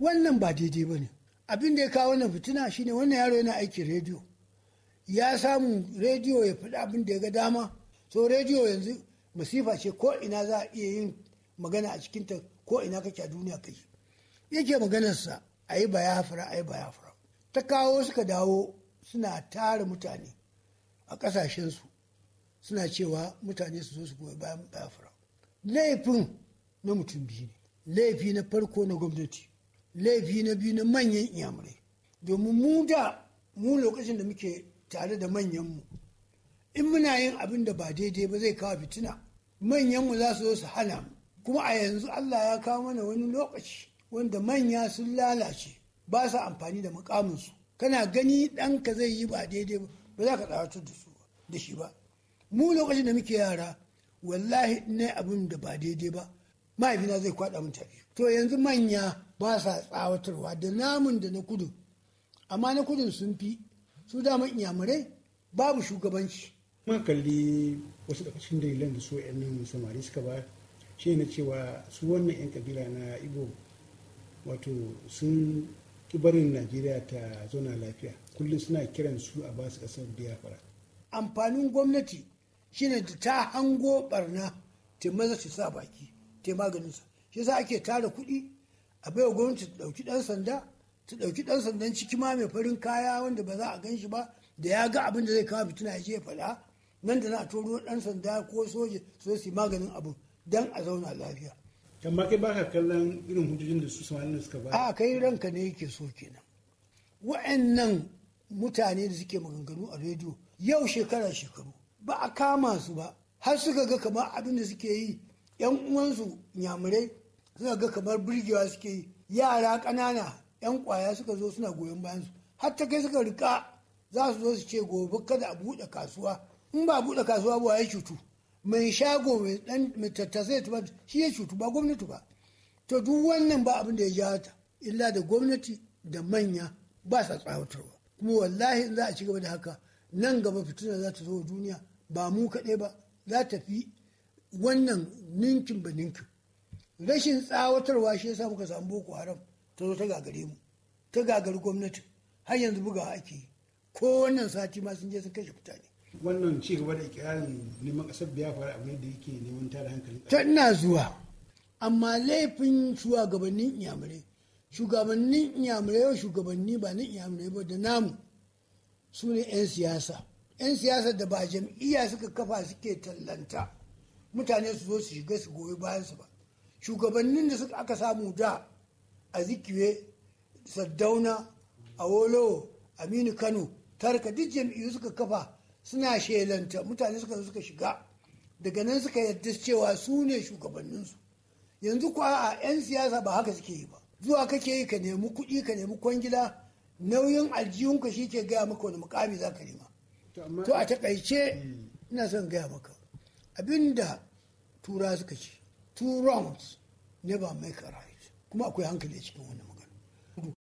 wannan ba daidai ba ne abin da ya kawo wannan fitina shine wannan yaro yana aiki rediyo ya samu rediyo ya faɗi abin da ya ga dama so rediyo yanzu masifa ce ko ina za a iya yin magana a cikin ta ko ina kake a duniya kai yake maganarsa a yi bayafra a yi bayafra ta kawo suka dawo suna tara mutane a ƙasashensu suna cewa mutane su zo su goyi bayan bayafra laifin na mutum biyu ne laifi na farko na gwamnati laifi na biyu na manyan iyamurai domin mu da mu lokacin da muke tare da manyanmu in muna yin abin da ba daidai ba zai kawo fitina manyanmu za su zo su hana mu kuma a yanzu allah ya kawo mana wani lokaci wanda manya sun lalace ba sa amfani da mukaminsu kana gani ɗanka zai yi ba daidai ba ba za ka tsawatar da su da shi ba mu lokacin da muke yara wallahi ne abin da ba daidai ba mahaifina zai kwaɗa mun tafi to yanzu manya ba sa tsawatarwa da namun da na kudu amma na kudin sun fi su dama inyamurai babu shugabanci ma kalli wasu daga cikin dalilan da su yan nan samari suka ba shi na cewa su wannan yan kabila na igbo wato sun ki barin najeriya ta zauna lafiya kullum suna kiran su a basu kasar biafra amfanin gwamnati shine da ta hango barna ta maza su sa baki ta maganinsa shi za ake tara kuɗi a baiwa gwamnati ta ɗauki ɗan sanda ta ɗauki ɗan sandan ciki ma mai farin kaya wanda ba za a gan shi ba da ya ga abin da zai kawo fitina ya ce ya faɗa nan da na a turo ɗan sanda ko soja su su maganin abu dan a zauna lafiya. kama kai baka kallon irin hujjojin da su samanin suka ba. a kai ranka ne yake so kenan wa'annan mutane da suke maganganu a rediyo yau shekara shekaru ba a kama su ba har suka ga kamar abin da suke yi yan uwansu nyamurai suka ga kamar birgewa suke yi yara ƙanana 'yan kwaya suka zo suna goyon bayansu har ta kai suka rika za su zo su ce gobe kada a buɗe kasuwa in ba a buɗe kasuwa ba ya cutu mai shago mai dan mai tattasai shi ya cutu ba gwamnati ba to duk wannan ba abin da ya ja ta illa da gwamnati da manya ba sa tsawatarwa kuma wallahi in za a ci gaba da haka nan gaba fitina za ta zo duniya ba mu kaɗai ba za ta fi wannan ninkin ba ninkin rashin tsawatarwa shi yasa muka samu boko haram ta zo ta gagare mu ta gagari gwamnati har yanzu bugawa ake yi ko wannan sati ma sun je sun kashe mutane wannan ci gaba da ikirarin neman kasar faru abu ne da yake neman tada hankali ta ina zuwa amma laifin shugabannin iyamurai shugabannin iyamurai yau shugabanni ba na iyamurai ba da namu su ne 'yan siyasa 'yan siyasa da ba jam'iyya suka kafa suke tallanta mutane su zo su shiga su goyi bayansu ba shugabannin da suka aka samu da a zikiwe saddauna a wolo aminu kano tarka duk jam'iyyu suka kafa suna shelanta mutane suka suka shiga daga nan suka yarda cewa su ne shugabanninsu yanzu kuwa a 'yan siyasa ba haka suke yi ba zuwa kake yi ka nemi kuɗi ka nemi kwangila nauyin aljihunka shi ke gaya maka wani mukami za ka nema to a takaice ina son gaya maka abinda tura suka ce two wrongs never make a right kuma akwai hankali cikin wannan magana